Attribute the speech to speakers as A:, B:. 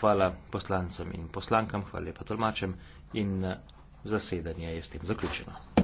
A: hvala poslancem in poslankam, hvala lepa tolmačem in eh, zasedanje je s tem zaključeno.